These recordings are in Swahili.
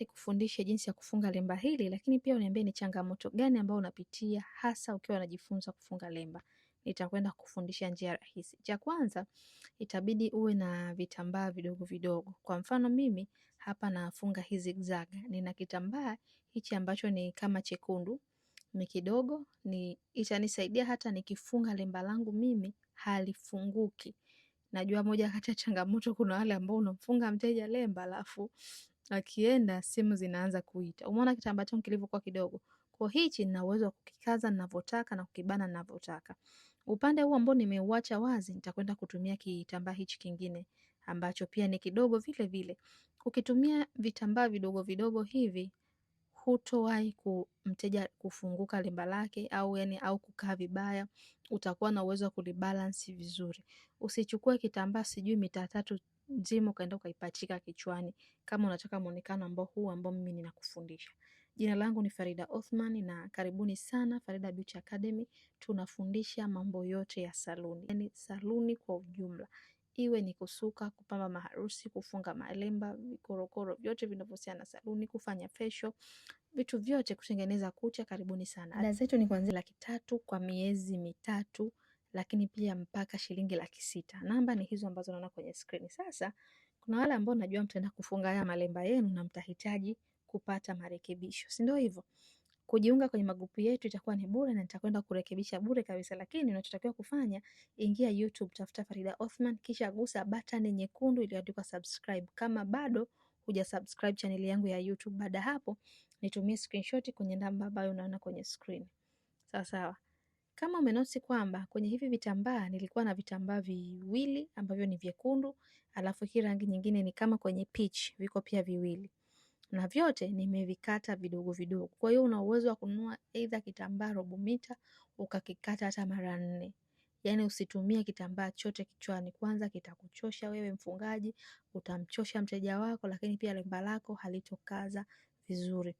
nikufundishe jinsi ya kufunga lemba hili, lakini pia uniambie ni changamoto gani ambayo unapitia hasa ukiwa unajifunza kufunga lemba. Nitakwenda kufundisha njia rahisi. Cha kwanza itabidi uwe na vitambaa vidogo vidogo. Kwa mfano mimi hapa nafunga hizi zigzag, nina kitambaa hichi ambacho ni kama chekundu, ni kidogo, ni itanisaidia hata nikifunga lemba langu mimi halifunguki. Najua moja kati ya changamoto, kuna wale ambao unamfunga mteja lemba alafu akienda simu zinaanza kuita. Umeona kitambaa changu kilivyokuwa kidogo? Kwa hichi nina uwezo wa kukikaza ninavyotaka na kukibana ninavyotaka. Upande huu ambao nimeuacha wazi nitakwenda kutumia kitambaa hichi kingine ambacho pia ni kidogo vile vile. Ukitumia vitambaa vidogo vidogo hivi hutowahi kumteja kufunguka limba lake au yani au kukaa vibaya, utakuwa na uwezo wa kulibalance vizuri. Usichukue kitambaa sijui mita tatu nzima ukaenda ukaipachika kichwani kama unataka muonekano ambao huu ambao mimi ninakufundisha. Jina langu ni Farida Othman na karibuni sana Farida Beauty Academy. Tunafundisha mambo yote ya saluni, yani saluni kwa ujumla, iwe ni kusuka, kupamba maharusi, kufunga malemba, vikorokoro vyote vinavyohusiana na saluni, kufanya facial vitu vyote, kutengeneza kucha. Karibuni sana. Ada zetu ni kuanzia laki tatu kwa miezi mitatu lakini pia mpaka shilingi laki sita. Namba ni hizo ambazo naona kwenye skrini. Sasa kuna wale ambao najua mtaenda kufunga haya malemba yenu na mtahitaji kupata marekebisho, si ndio hivyo? Kujiunga kwenye magrupu yetu itakuwa ni bure na nitakwenda kurekebisha bure kabisa, lakini unachotakiwa kufanya, ingia YouTube, tafuta Farida Othman, kisha gusa button nyekundu iliyoandikwa subscribe kama bado huja subscribe channel yangu ya YouTube. Baada hapo, nitumie screenshot kwenye namba ambayo unaona kwenye screen. Sawa sawa. Kama umenosi kwamba kwenye hivi vitambaa nilikuwa na vitambaa viwili ambavyo ni vyekundu, alafu hii rangi nyingine ni kama kwenye peach, viko pia viwili na vyote nimevikata vidogo vidogo. Kwa hiyo una uwezo wa kununua aidha kitambaa robo mita ukakikata hata mara nne. Yaani usitumie kitambaa chote kichwani, kwanza kitakuchosha wewe mfungaji, utamchosha mteja wako, lakini pia lemba lako halitokaza vizuri.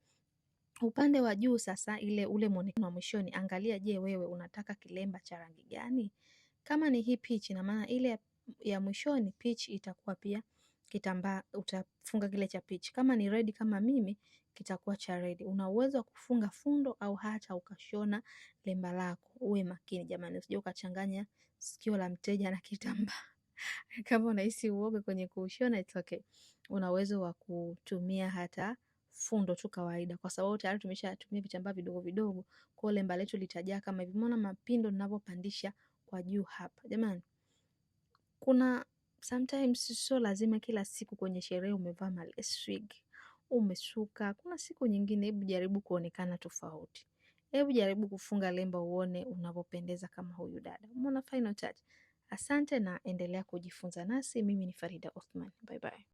Upande wa juu sasa, ile ule mwonekano wa mwishoni, angalia, je, wewe unataka kilemba cha rangi gani? Kama ni hii peach, na maana ile ya mwishoni peach itakuwa pia kitambaa, utafunga kile cha peach. Kama ni red, kama mimi, kitakuwa cha red. Una uwezo wa kufunga fundo au hata ukashona lemba lako. Uwe makini jamani, usije ukachanganya sikio la mteja na kitambaa. Kama unahisi uoga kwenye kushona, it's okay. Una uwezo wa kutumia hata fundo tu kawaida, kwa sababu tayari tumeshatumia vitambaa vidogo vidogo, kwa lemba letu litajaa kama hivi. Umeona mapindo ninavyopandisha kwa juu hapa, jamani. Kuna sometimes, sio lazima kila siku kwenye sherehe umevaa maleswig umesuka. Kuna siku nyingine, hebu jaribu kuonekana tofauti, hebu jaribu kufunga lemba uone unavyopendeza kama huyu dada. Umeona final touch. Asante na endelea kujifunza nasi. Mimi ni Farida Othman, bye bye.